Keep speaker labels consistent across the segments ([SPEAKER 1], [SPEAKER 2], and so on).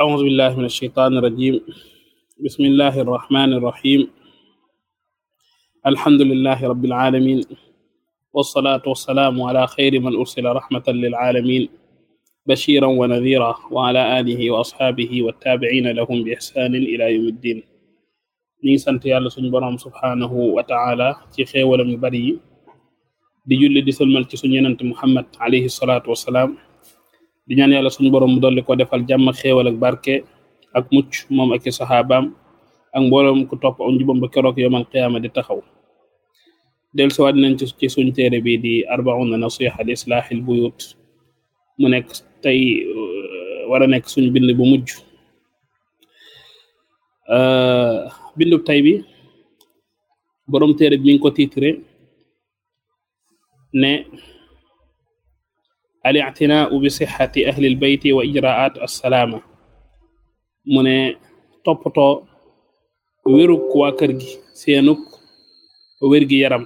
[SPEAKER 1] أعوذ بالله من الشيطان الرجيم بسم الله الرحمن الرحيم الحمد لله رب العالمين والصلاة والسلام على خير من أرسل رحمة للعالمين بشيرا ونذيرا وعلى آله وأصحابه والتابعين لهم بإحسان إلى يوم الدين ñi sant yàlla suñu boroom subhaanahu wa taala ci xéewalam yu bari yi di julli di sëlmal ci suñu yenant Muhammad alayhi salaatu wasalaam di ñaan yàlla suñu borom mu dolli ko defal jàmm xéewal ak barke ak mucc moom ak i saxaabaam ak mbooloom ku topp am njubam ba keroog yowmal qiyaama di taxaw dellusiwaat nañ ci ci suñ téere bi di arbauna nasiha li islaahil buyut mu nekk tey uh, war a nekk suñ bind bu mujj uh, bindu tey bi borom téere bi mi ko tiitre ne alictinaau bi sixati ahlil beyti wa ijraat assalaama mu ne toppatoo wérug waa kër gi seenug wér yaram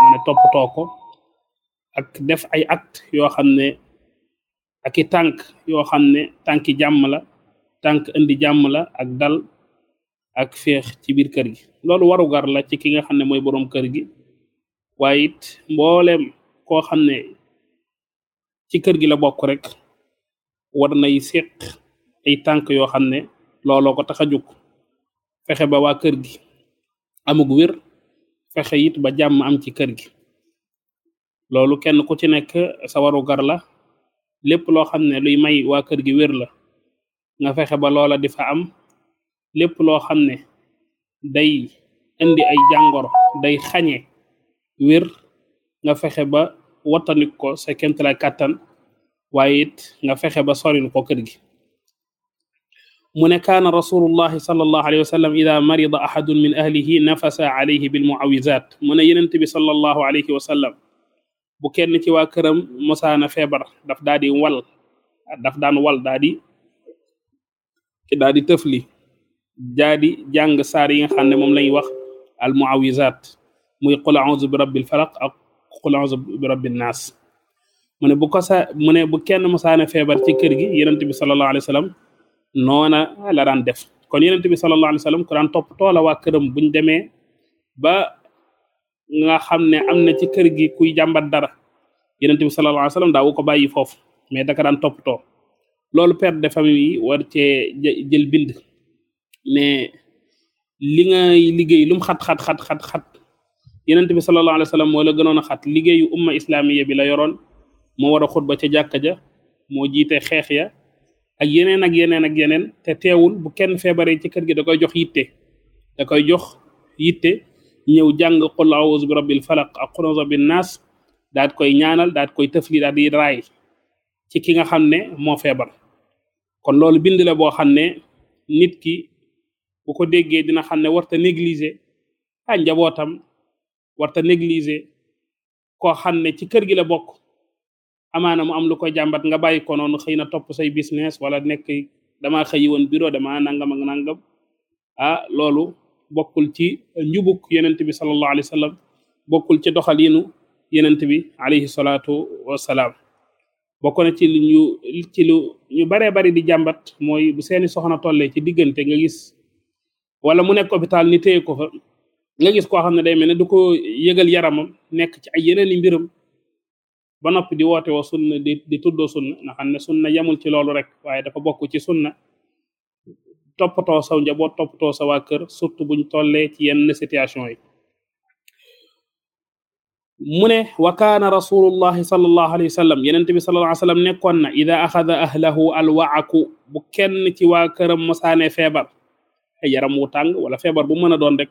[SPEAKER 1] mu ne toppatoo ko ak def ay acte yoo xam ne ak i tànk yoo xam ne tànki jàmm la tànk indi jàmm la ak dal ak féex ci biir kër gi loolu warugar la ci ki nga xam ne mooy boroom kër gi ne ci kër gi la bokk rek war nay séq ay tànk yoo xam ne looloo ko tax a jóg fexe ba waa kër gi amug wér fexe it ba jàmm am ci kër gi loolu kenn ku ci nekk sawaru gar la lépp loo xam ne luy may waa kër gi wér la nga fexe ba loola di am lépp loo xam ne day indi ay jàngoro day xañe wér nga fexe ba wattandik ko sa kattan kàttan waaye it nga fexe ba soril ko kër gi mu ne kaana rasulullahi sallallahu alayhi wa sallam ida marida ahadun min ahlihi bi alayhi bilmuawizat mu ne yenent bi sallallahu alayhi wa sallam bu kenn ci waa këram mosaana feebar daf daa di wal daf daan wal daa di daa di tëfli daa di jàng saar yi ne moom lañuy wax almuawizat muy qul a'udhu bi rabbil falaq ak qul a'uuzu bi rabbin naas mu ne bu ko sa mu bu kenn musaane feebar ci kër gi yonent bi sallallahu alayhi wa sallam noona la daan def kon yonent bi sallallahu alayhi wa sallam ku daan topp toola waa këram buñ demee ba nga xam ne am na ci kër gi kuy jàmbat dara yonent bi sallallahu alayhi wa sallam daawu ko bàyyi foofu mais daka daan toppatoo loolu père de famille war cee jël bind mais li liggéey lum xat xat xat yonent bi sallallahu alayhi wa sallam moo la gënoon a xat liggéeyu umma islamiya bi la yoroon moo war a xutba ca jàkka ja moo jiite xeex ya ak yeneen ak yeneen ak yeneen te teewul bu kenn feebaree ci kër gi da koy jox yitte da koy jox yitte ñëw jàng qul a'uuzu bi rabbil falaq ak qul a'uuzu naas daat koy ñaanal daat koy tëfli daat di raay ci ki nga xam ne moo feebar kon loolu bind la boo xam ne nit ki bu ko déggee dina xam ne warta négliger a njabootam warta négliger koo xam ne ci kër gi la bokk amaana mu am lu ko jàmbat nga bàyyi ko noonu xëy na topp say business wala nekk dama xëyi woon bureau damaa nangam ak nangam ah loolu bokkul ci njubuk yonent bi sallallahu alayhi wa bokkul ci doxaliinu yonent bi alayhi salaatu wasalaam bokk na ci lu ñu ci lu ñu baree bari di jàmbat mooy seeni soxna tollee ci diggante nga gis wala mu nekk hôpital ni téye nga gis koo xam ne day mel ne du ko yëgal yaramam nekk ci ay yeneen i mbiram ba noppi di woote woo sunna di di tuddoo sunna nga xam ne sunna yamul ci loolu rek waaye dafa bokk ci sunna toppatoo saw njaboot toppatoo sa kër surtout buñ tollee ci yenn situation yi mu ne wa kaana rasulullahi sallallahu alayhi wa sallam yenent bi sallallahu alayhi wa sallam nekkoon na ida axada ahlahu alwaaku bu kenn ci waa këram mosaane feebar ay yaram wu tàng wala feebar bu mën a doon rek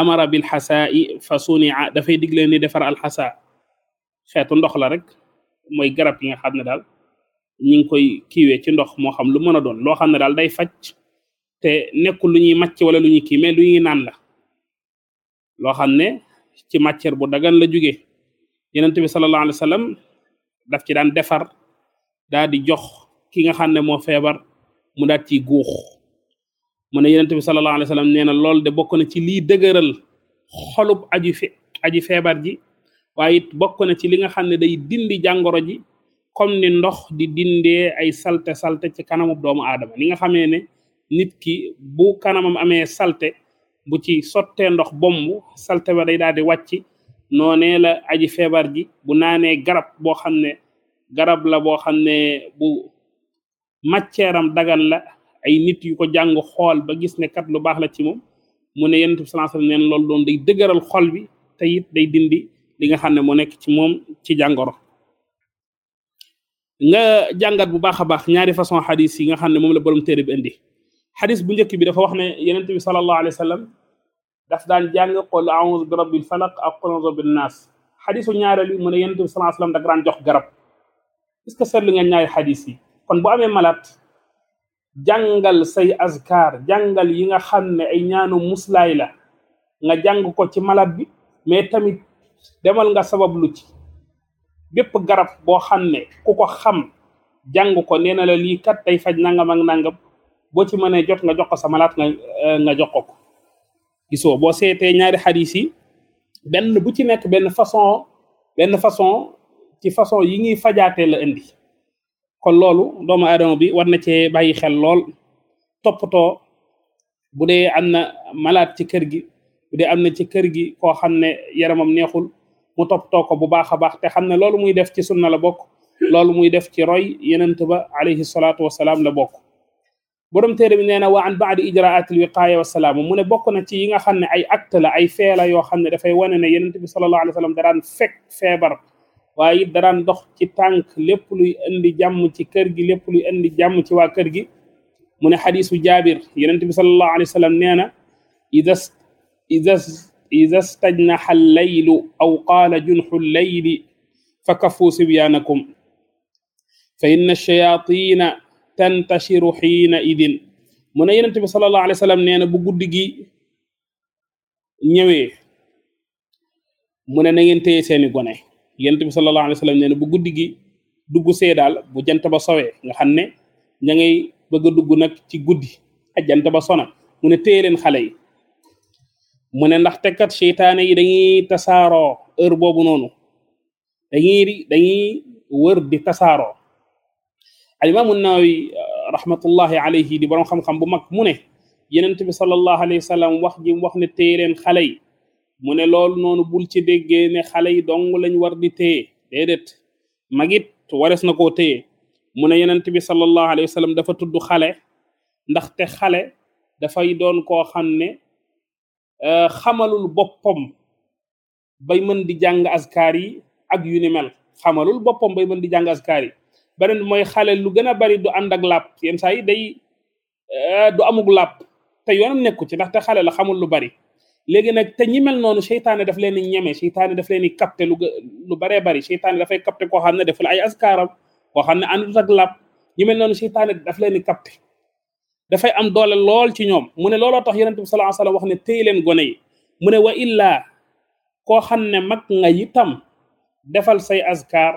[SPEAKER 1] amara bil xasaa'i fa sunia dafay digle ni defar alxasaa xeetu ndox la rek mooy garab yi nga xam ne daal ñu ngi koy kiiwee ci ndox moo xam lu mën a doon loo xam ne daal day faj te nekkul lu ñuy màcc wala lu ñuy kii mais lu naan la loo xam ne ci matière bu dagan la jóge yenent bi sallallahu alayhi wa sallam daf ci daan defar daa di jox ki nga xam ne moo feebar mu daat ci guux mu ne yonent bi sallallahu alayhi wa sallam nee na de bokk na ci lii dëgëral xolub aju fe aji feebar ji waaye it bokk na ci li nga xam ne day dindi jàngoro ji comme ni ndox di dindee ay salte salte ci kanamu doomu aadama ni nga xamee ne nit ki bu kanamam amee salte bu ci sottee ndox bomb salte ba day daal di wàcc noonee la aji feebar ji bu naanee garab boo xam ne garab la boo xam ne dagan la ay nit yu ko jàng xool ba gis ne kat lu baax la ci moom mu ne yonent bi sallallahu alayhi wasallam neen loolu doon day dëgëral xol bi te day dindi li nga xam ne moo nekk ci moom ci jàngoro nga jàngat bu baax a baax ñaari façon xadis yi nga xam ne moom la borom téere bi indi xadis bu njëkk bi dafa wax ne yonent bi sallallahu alayhi wasallam daf daan jàng qul a'udhu bi rabbil falaq ak qul a'udhu ñaareel bi mu ne yonent bi sallallahu alayhi wasallam da jox garab est-ce que seetlu ngeen ñaari xadis yi kon bu amee malaat jàngal say azkar jàngal yi nga xam ne ay ñaanu muslaay la nga jàng ko ci malade bi mais tamit demal nga sabablu ci bépp garab boo xam ne ku ko xam jàng ko nee na la lii kat day faj nangam ak nangam boo ci mënee jot nga jox ko sa malade nga euh, nga jox ko giso boo seetee ñaari xadiis yi benn bu ci nekk benn façon benn façon ci façon yi ñuy fajaatee la indi kon loolu doomu aadama bi war na cee bàyyi xel lool toppatoo bu dee am na malaat ci kër gi bu am na ci kër gi koo xam ne yaramam neexul mu topp toppatoo ko bu baax a baax te xam ne loolu muy def ci sunna la bokk loolu muy def ci roy yenent ba alayhi salaatu wasalaam la bokk borom téere bi nee na wa an baadi ijraat al wiqaaya wasalaamu mu ne bokk na ci yi nga xam ne ay acte la ay fee la yoo xam ne dafay wane ne yenent bi sallallahu alayhi wa sallam daraan fekk feebar waaye it dox ci tànk lépp luy indi jàmm ci kër gi lépp luy indi jàmm ci waa kër gi mu ne xadisu jaabir yonent bi sallallahu alayhi wa sallam nee na idas idas ida stajnaxa alleylu aw qaala junxu lleyli fa kafuu sibyaanakum fa inna shayaatiina tantashiru xiina idin mu ne yonent bi sallallahu alayhi wa sallam nee na bu guddi gi ñëwee mu ne na ngeen téye seeni gone yonent bi sallallahu alayhi wa sallam bu guddi gi dugg see daal bu jant ba sowee nga xam ne ña ngay bëgg a dugg nag ci guddi ak jant ba sona mu ne téye leen xale yi mu ne ndax tekat seytaane yi dañuy tasaaroo heure boobu noonu dañuy dañuy wër di tasaaroo alimaamu Nawawi uh, rahmatullahi alayhi di borom xam-xam bu mag mu ne yonent bi sallallahu alayhi wa wax ji wax ne téye xale yi mu ne loolu noonu bul ci déggee ne xale yi dong lañ war di téye déedéet magit wares na koo téye mu ne yenent bi sallallahu alayhi wa dafa tudd xale ndaxte xale dafay doon koo xam ne euh, xamalul boppam bay mën di jàng askar yi ak yu ni mel xamalul boppam bay mën di jàng askar yi beneen mooy xale lu gën a bari du ànd ak làpp yenn saa yi day euh, du amug làpp te yoonam nekku ci ndaxte xale la xamul lu bari léegi nag te ñi mel noonu seytaane daf leen di ñeme seytaane daf leen di capté lu lu baree bari seytaane dafay capté koo xam ne deful ay askaaram koo xam ne àndut ak làpp ñi mel noonu seytaane daf leen di capté dafay am doole lool ci ñoom mu ne looloo tax yonente bi sallallahu alayhi wax ne téy leen gone yi mu ne wa illaa koo xam ne mag nga itam defal say askar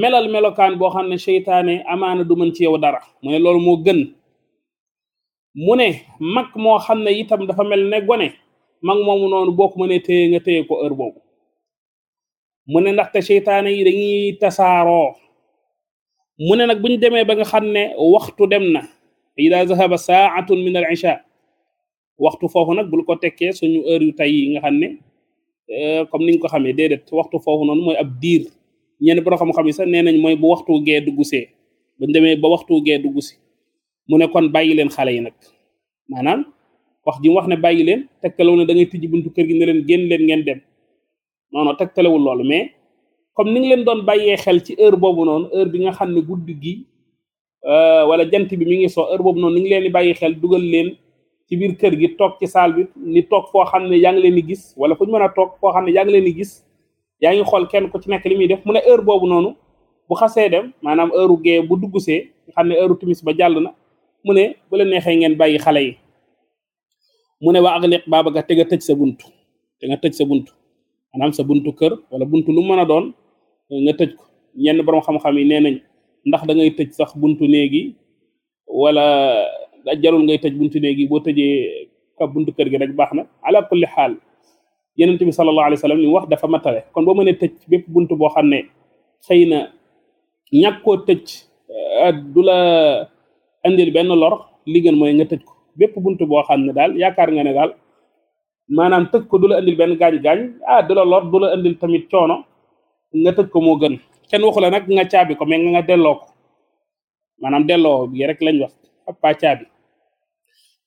[SPEAKER 1] melal melokaan boo xam ne seytaane amaana du mën ci yow dara mu ne loolu moo gën mu ne mag moo xam ne itam dafa mel ne gone mag moom noonu boo ko mënee téye nga téye ko heure boobu mu ne ndaxte seytaane yi dañuy tasaaroo mu ne nag bu demee ba nga xam ne waxtu dem na ida zahaba saatun min al isha waxtu foofu nag bul ko tekkee suñu heure yu tey nga xam ne euh, comme niñ ko xamee déedéet waxtu foofu noonu mooy ab diir ñenn borom xam-xam yi sax nee nañ mooy bu waxtu gee dugg see buñ demee ba waxtu gee dugg si mu ne kon bàyyi leen xale yi nag maanaam wax ji wax ne bàyyi leen tegtalewul ne da ngay tijji buntu kër gi ne leen génn leen ngeen dem non non tegtalewul loolu mais comme ni nga leen doon bàyyee xel ci heure boobu noonu heure bi nga xam ne guddi gi euh, wala jant bi mi ngi soo heure boobu noonu ni ngi leen di bàyyi xel dugal leen ci biir kër gi toog ci saal bi ni toog foo xam ne yaa leen di gis wala fu ñu mën a toog foo xam ne yaa leen di gis yaa ngi xool kenn ku ci nekk li muy def mu heure boobu noonu bu xasee dem maanaam heure gee bu duggsee nga xam ne heure timis ba jàll na mu ne bu la ngeen bàyyi xale yi mu ne wa agliq baabaka te nga tëj sa buntu te nga tëj sa buntu maanaam sa buntu kër wala bunt lu mën a doon nga tëj ko ñenn borom xam-xam yi nee nañ ndax dangay ngay tëj sax buntu néegi wala da jarul ngay tëj bunt néegi boo tëjee ka buntu kër gi rek baax na ala kulli xaal yenent bi sallallahu alayhi wasallam li wax dafa matale kon boo mënee tëj bépp buntu boo xam ne xëy na ñàkkoo tëj euh, du indil benn lor li gën mooy nga tëj ko bépp bunt boo xam ne daal yaakaar nga ne daal maanaam tëj ko du la indil benn gaañ-gaañ ah du la lor du la indil tamit coono nga tëj ko moo gën kenn waxu la nag nga caabi ko mais nga delloo maanaam delloo bi rek lañ wax ak pas caabi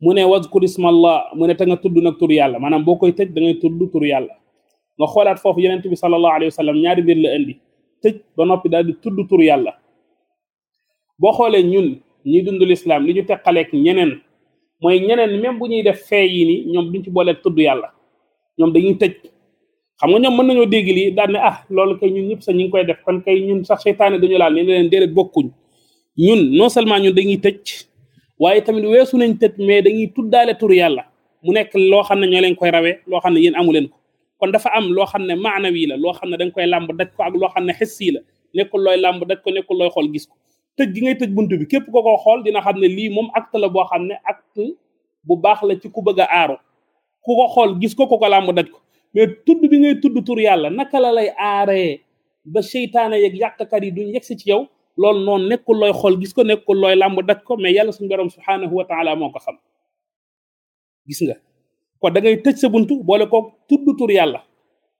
[SPEAKER 1] mu ne wazkur ismallah mu ne te nga tudd nag tur yàlla maanaam boo koy tëj da ngay tudd tur yàlla nga xoolaat foofu yonent bi sallallahu alayhi wa sallam ñaari mbir la indi tëj ba noppi daal di tudd tur yàlla boo xoolee ñun ñi dund lislaam li ñu teqaleeg ñeneen mooy ñeneen même bu ñuy def fee yii nii ñoom duñ ci booleeg tudd yàlla ñoom dañuy tëj xam nga ñoom mën nañoo dégg lii daal ne ah loolu ñun ñëpp sax ñu ngi koy def kon kay ñun sax seytaane dañu laal ne leen déedéet bokkuñ ñun non seulement ñun dañuy tëj waaye tamit weesu nañ tëj mais dañuy tuddaale tur yàlla mu nekk loo xam ne ñoo leen koy rawee loo xam ne yéen amu leen ko kon dafa am loo xam ne maanawi la loo xam ne dañ koy làmb daj ko ak loo xam ne xissi la nekkul looy làmb daj ko nekkul looy xool gis ko tëj gi ngay tëj bunt bi képp ko ko xool dina xam ne lii moom acte la boo xam ne acte bu baax la ci ku bëgg a aaru ku ko xool gis ko ku ko làmb daj ko mais tudd bi ngay tudd tur yàlla naka la lay aaree ba seytaane yeeg yàqkat yi duñ yegsi ci yow loolu noonu nekkul looy xool gis ko nekkul looy làmb daj ko mais yàlla suñu borom subhaanahu wa taala moo ko xam gis nga kon dangay tëj sa bunt boole ko tudd tur yàlla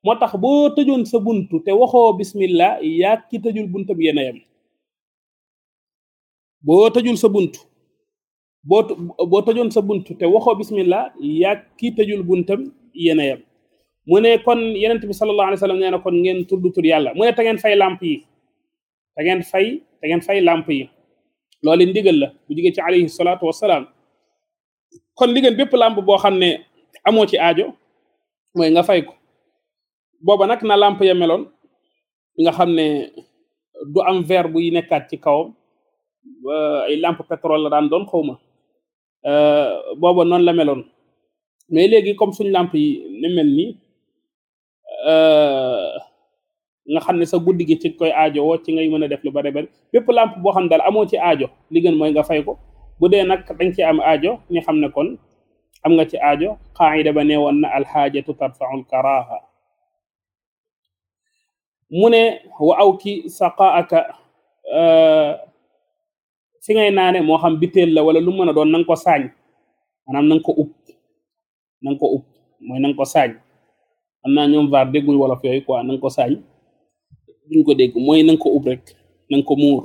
[SPEAKER 1] moo tax boo tëjoon sa bunt te waxoo bismillah yaa ki tëjul buntu bi yéen a boo tëjul sa bunt boo boo tëjoon sa bunt te waxo bismillah yaa kii tëjul buntam yéen a yem mu ne kon yenent bi sallallahu alayhi wa sallam na kon ngeen tudd tur yàlla mu te ngeen fay lamp yi te ngeen fay te ngeen fay lamp yi loolu ndigal la bu jigee ci alayhi salaatu wasalaam kon li bépp làmp boo xam ne amoo ci aajo mooy nga fay ko booba nag na làmp ya meloon nga xam ne du am verre buy nekkaat ci kawam ay lampe pétrole la daan doon xaw ma euh, la meloon mais léegi comme suñ lampe yi ni mel nii euh, nga xam ne sa guddi gi ci koy aajo woo ci ngay mën a def lu bari bari bépp làmp boo xam daal amoo ci aajo li gën mooy nga fay ko bu dee nag dañ ci am aajo ñu xam ne kon am nga ci aajo qaida ba neewoon na alxaajatu tarfaul karaha mu ne wa aw ki saqaaka euh, fi ngay naane moo xam biteel la wala lum mën a doon na nga ko saañ maanaam na ko ub na nga ko ub mooy na ko saañ xam naa ñoom vaar déggul wolof yooyu quoi na ko saañ duñ ko dégg mooy na ko ub rek na ko muur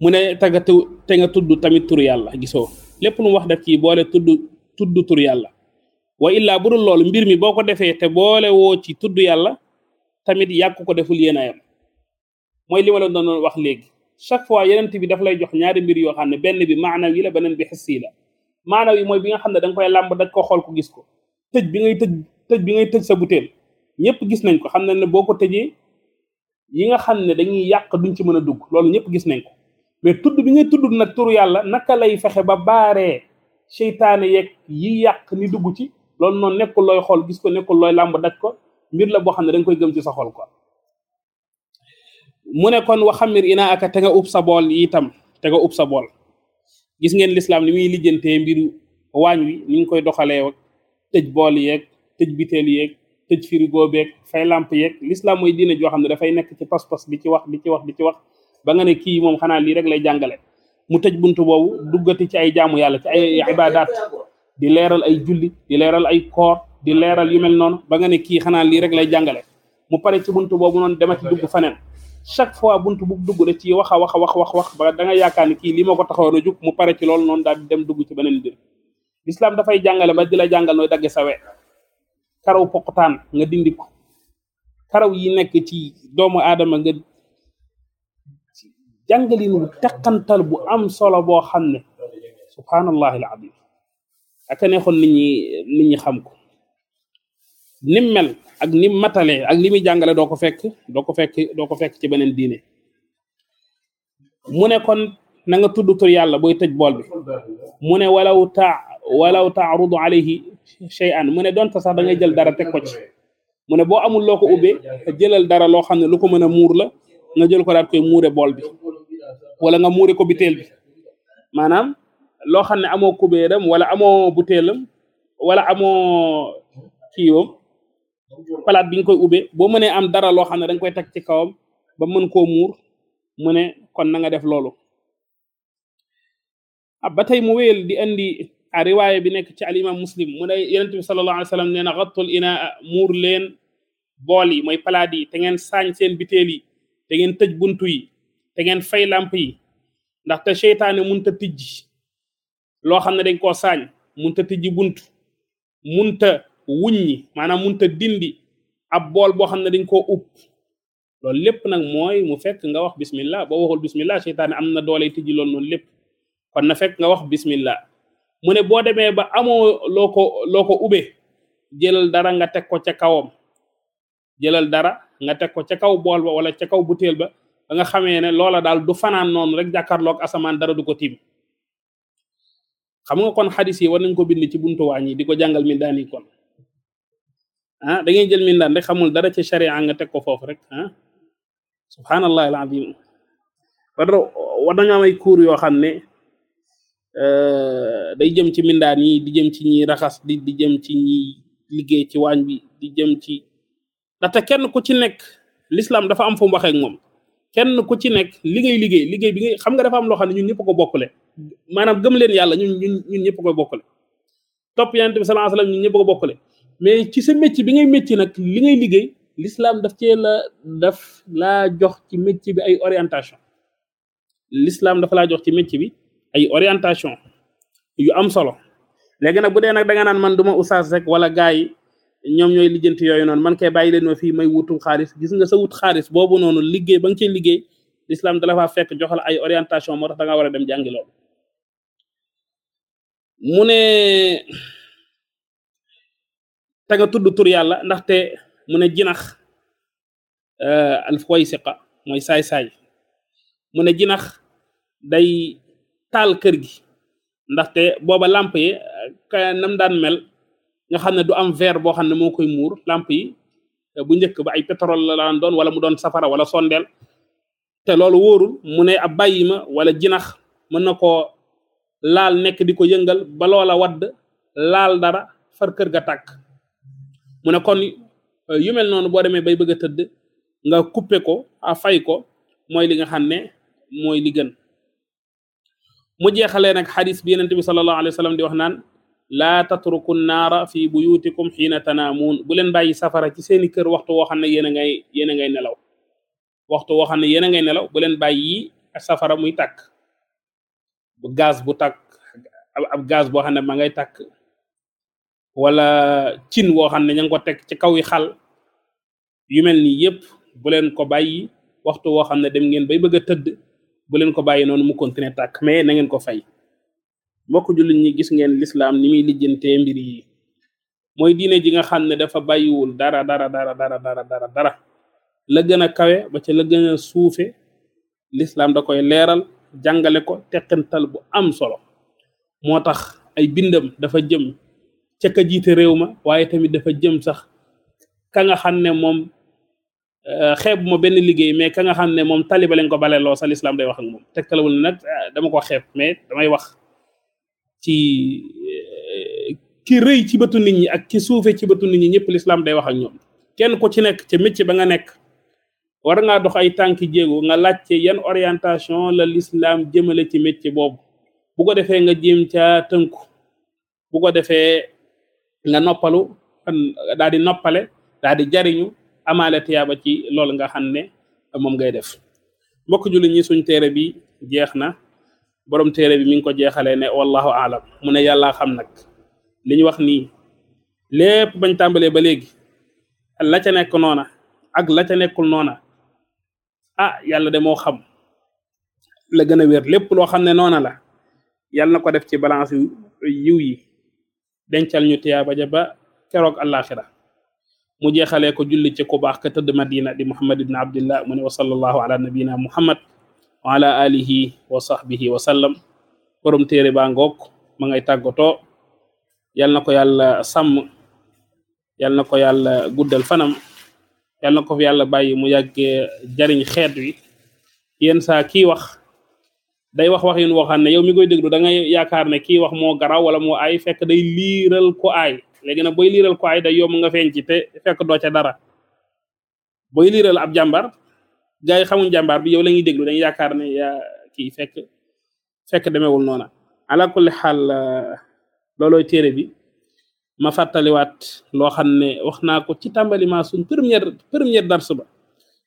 [SPEAKER 1] mu ne tagatu te nga tudd tamit tur yàlla gisoo lépp lu mu wax def ci boole tudd tudd tur yàlla wo illaa bu dul loolu mbir mi boo ko defee te boole woo ci tudd yàlla tamit yàkk ko deful yéen ayam mooy li ma la doon wax léegi chaque fois yenent bi daf lay jox ñaari mbir yoo xam ne benn bi maanaam yi la beneen bi xis yi la maanaam yi mooy bi nga xam ne da koy làmb daj ko xool ko gis ko tëj bi ngay tëj tëj bi ngay tëj sa butéel ñëpp gis nañ ko xam nañ ne boo ko tëjee yi nga xam ne dañuy yàq duñ ci mën a dugg loolu ñëpp gis nañ ko mais tudd bi ngay tudd nag turu yàlla naka lay fexe ba baaree seytaane yeeg yi yàq ni dugg ci loolu noonu nekkul looy xool gis ko nekkul looy làmb daj ko mbir la boo xam ne da koy gëm ci sa xol ko mu ne kon wa waxamir ina aka te nga ub sa bool itam te nga ub sa bool gis ngeen lislaam li muy lijjantee mbir waañ wi ni ñu koy doxalee wak tëj bool yeeg tëj biteel yeeg tëj firigo beeg fay lamp yeeg lislaam mooy diine joo xam ne dafay nekk ci pas-pas bi ci wax di ci wax di ci wax ba nga ne kii moom xanaa lii rek lay jàngale mu tëj buntu boobu duggati ci ay jaamu yàlla ci ay ibadat di leeral ay julli di leeral ay koor di leeral yu mel noonu ba nga ne kii xanaa lii rek lay jàngale mu pare ci buntu boobu noonu demati dugg faneen chaque fois bunt bu dugg da ci wax a wax a wax wax wax ba da nga yaakaar ni kii lii ma ko taxawoon a jug mu pare ci loolu noonu daal di dem dugg ci beneen mbir lislaam dafay jàngale ba di la jàngal nooy dagge sawe karaw poqutaan nga dindi ko karaw yi nekk ci doomu aadama nga jàngalin bu teqantal bu am solo boo xam ne subhaanallahi alazim aka neexoon nit ñi nit xam ko nim ak ni matalee ak li muy jàngale doo ko fekk doo ko fekk doo ko fekk ci beneen diine mu ne kon na nga tudd tur yàlla booy tëj bool bi mu ne walaw ta walaw taarudu alayhi an mu ne donte sax da jël dara teg ko ci mu ne boo amul loo ko ubbee jëlal dara loo xam ne lu ko mën a muur la nga jël ko daat koy muure bool bi wala nga muure ko butéel bi maanaam loo xam ne amoo kubéeram wala amoo butéelam wala amoo kiiwam palaat bi nga koy ubbee boo mënee am dara loo xam ne da koy teg ci kawam ba mën koo muur mu ne kon na nga def loolu ah ba tey mu wéyal di indi a ah, riwaaya bi nekk ci alimam muslim mu ne yonent bi sallallahu alayhi wa sallam nee na xattul inaa muur leen bool yi mooy palaat yi te ngeen saañ seen biteel yi te ngeen tëj bunt yi te ngeen fay lamp yi ndaxte seytaane munta tijji loo xam ne dañ koo saañ munta tijji bunt munta wuñ wuññi maanaam munta dindi ab bool boo xam ne dañ ko upp loolu lépp nag mooy mu fekk nga wax bismillah boo waxul bismillah seytaane am na doole tijji loolu noonu lépp kon na fekk nga wax bismillah mu ne boo demee ba amoo loo ko loo ko ubbe jëlal dara nga teg ko ca kawam jëlal dara nga teg ko ca kaw bool ba wala ca kaw butéel ba ba nga xamee ne loola daal du fanaan noonu rek jàkkaarloog asamaan dara du ko tiim xam nga kon xadis yi war nañ ko bind ci buntu waañ yi di ko jàngal mi daani ah da ngay jël mindaan rek dara ci sharia nga teg ko foofu rek ah subhanallah al azim war war nañu ay cours yoo xam ne euh, day jëm ci mindaan yi di jëm ci ñi raxas di di jëm ci ñiy liggéey ci waañ bi di jëm ci ndaxte kenn ku ci nekk l'islam dafa am fu mu moom kenn ku ci nekk liggéey liggéey liggéey bi nga xam nga dafa am loo xam ne ñun ñëpp ko bokkule maanaam gëm leen yàlla ñun ñun ñun ñëpp ko bokkule topp yonent bi sallallahu alayhi wasallam ñun ñëpp ko bokkule mais ci sa métier bi ngay métier nag li ngay liggéey lislaam daf cee la daf laa jox ci métier bi ay orientation l'islam dafa laa jox ci métier bi ay orientation yu am solo léegi nag bu dee nag da nga naan man du ma oustaz wala gars yi ñoom ñooy lijjanti yooyu noonu man kay bàyyi leen ma fii may wutum xaalis gis nga sa wut xaalis boobu noonu liggéey ba nga cee liggéey l'islam dala faa fekk joxal ay orientation moo tax danga nga a dem jàngi loolu mu te tudd tur yàlla ndaxte mu ne jinax euh, alfwaysiqa mooy saay-saay mu ne jinax day taal kër gi ndaxte booba lamp yi nam daan mel nga xam ne du am verre boo xam ne moo koy muur lamp yi euh, bu njëkk ba ay pétrole la daan doon wala mu doon safara wala sondeel te loolu woorul mu ne ab bàyyi ma wala jinax mën na koo laal nekk di ko yëngal ba loola wadd laal dara far kër ga tàkk mu ne kon euh, yu mel noonu boo demee bay bëgg a tëdd nga couper ko a fay ko mooy li nga xam ne mooy li mu jeexalee nag xadis bi yenente bi sallallahu alayhi di wax naan laa tatruku naara fi buyutikum xiina tanaamuun bu leen bàyyi safara ci seeni kër waxtu woo xam ne yéen a ngay yéen a ngay nelaw waxtu woo xam ne yéen a ngay nelaw bu leen bàyyi safara muy takk bu gaz bu takk ab gaz boo xam ne ma ngay tàkk wala cin woo xam ne ña ngi ko teg ci kaw yi xal yu mel nii yépp bu leen ko bàyyi waxtu woo xam ne dem ngeen bay bëgg a tëdd bu leen ko bàyyi noonu mu continuer tàkk mais na ko fay mbokk jullit ñi gis ngeen lislaam ni muy lijjantee mbir yi mooy diine ji nga xam ne dafa bàyyiwul dara dara dara dara dara dara dara la gën a kawe ba ca la gën a suufe lislaam da koy leeral jàngale ko teqental bu am solo moo tax ay bindam dafa jëm ca ka jiite réew ma waaye tamit dafa jëm sax ka nga xam ne moom euh, xeeb ma benn liggéey mais ka nga xam ne moom taliba lañ ko baleloo sa lislaam day wax ak moom tegtalawul nag euh, dama ko xeeb mais damay wax ci euh, ki rëy ci bëtu nit ñi ak ki suufe ci bëtu nit ñi ñëpp lislaam day wax ak ñoom kenn ku ci nekk ca métier ba nga nekk war ngaa dox ay tànki jéego nga laajte yan orientation la lislaam jëmale ci métier boobu bu ko defee nga jéem ca tënku bu defee nga noppalu daal di noppale daal di jariñu amaale tiyaaba ci loolu nga xam ne moom ngay def mbokk julli ñi suñ téere bi jeex na borom téere bi mi ngi ko jeexalee ne wallahu alam mu ne yàllaa xam nag li ñu wax nii lépp bañ tàmbalee ba léegi la ca nekk noona ak la ca nekkul noona a ah, yàlla de xam la gën a wér lépp loo xam ne noona la yàlla na ko def ci balance yiw yi dencal ñu tiyaaba ja ba keroog àllaaxira mu jeexale ko julli ci ku baax ka tëdd madina di muhammad ibn abdillah mu ne wa sallallahu ala nabina muhammad wa ala alihi wa sahbihi wa sallam borom téere baa ngoog ma ngay tàggatoo yal na ko yàlla sàmm yal na ko yàlla guddal fanam yal ko fi yàlla bàyyi mu yàggee jariñ xeet wi yenn saa kii wax day wax wax yun waxaan ne yow mi koy déglu da ngay yaakaar ne ki wax mo garaw wala moo ay fekk day liiral ko aay léegi nag booy liiral ko aay day yomb nga feeñ ci te fekk doo ca dara booy liiral ab jàmbaar gars xamuñ jàmbaar bi yow la ñuy déglu dañuy yaakaar ne yaa kii fekk fekk demewul noona ala kulli xaal loolooy téere bi ma fàttaliwaat loo xam ne wax naa ko ci tàmbali ma suñ première première dars ba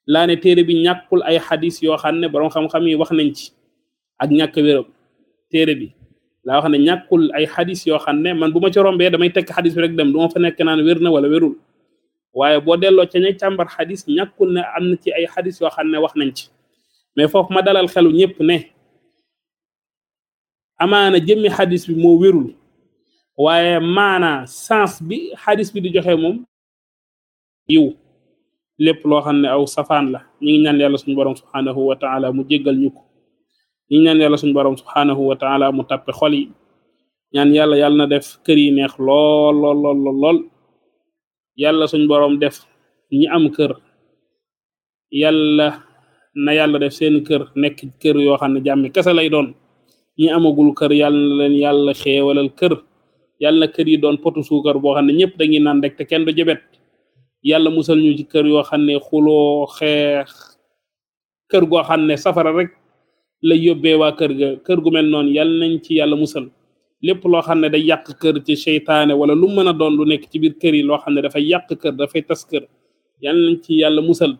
[SPEAKER 1] laa téere bi ñàkkul ay xadis yoo xam ne borom xam-xam yi wax nañ ci ak ñàkk wéram téere bi laa wax ne ñàkkul ay xadis yoo xam ne man bu ma corombee rombee damay tekk xadis bi rek dem du ma fa nekk naan wér na wala wérul waaye boo dello ca ña càmbar xadis ñàkkul ne am na ci ay xadis yoo xam ne wax nañ ci mais foofu ma dalal xelu ñëpp ne amaana jëmmi xadis bi moo wérul waaye maanaa sens bi xadis bi di joxe moom yiw lépp loo xam ne aw safaan la ñu ngi ñaan yàlla suñu borom subhaanahu wa taala mu jéggal ñu ko ñi ñaan yàlla suñu borom subhanahu wa taala mu tàppe xol yi ñaan yàlla yàlla na def kër yi neex lool lool lool lool yàlla suñu borom def ñi am kër yàlla na yàlla def seen kër nekk kër yoo xam ne jàmmi kese lay doon ñi amagul kër yàlla na leen yàlla xeewalal kër yàlla na kër yi doon potu suukar boo xam ne ñëpp dañuy naan rek kenn du jebet yàlla musal ci kër yoo xam ne xuloo xeex kër goo xam ne safara rek. la yóbbee waa kër ga kër gu mel noonu yàlla nañ ci yàlla musal lépp loo xam ne day yàq kër ci seytaane wala lu mën a doon lu nekk ci biir kër yi loo xam ne dafay yàq kër dafay tas kër yàlla nañ ci yàlla musal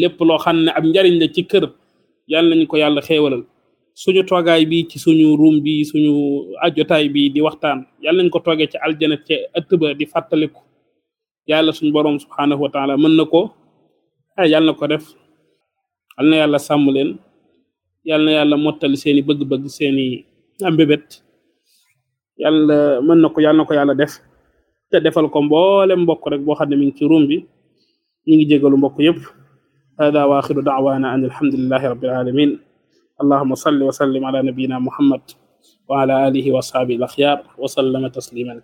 [SPEAKER 1] lépp loo xam ne ab njariñ la ci kër yàlla nañ ko yàlla xéewalal suñu toogaay bi ci suñu ruum bi suñu ajotaay bi di waxtaan yàlla nañ ko toogee ci aljana ci ëtt ba di fàttaliku yàlla suñu borom subhaanahu wa mën na ko ah yàlla na ko def al yàlla sàmm leen yàlla na yàlla mottali seeni bëgg-bëgg seeni am bébét mën na ko yàlla na ko yàlla def te defal ko mboole mbokk rek boo xam ne mi ngi ci ruum bi ñu ngi jégalu mbokk yëpp hada wa axiru daawana an alhamdulillahi rabbil alamin allahuma salli wa sallim ala nabiyina muhammad wa ala alihi wa ashabihi al axyar wa sallama tasliman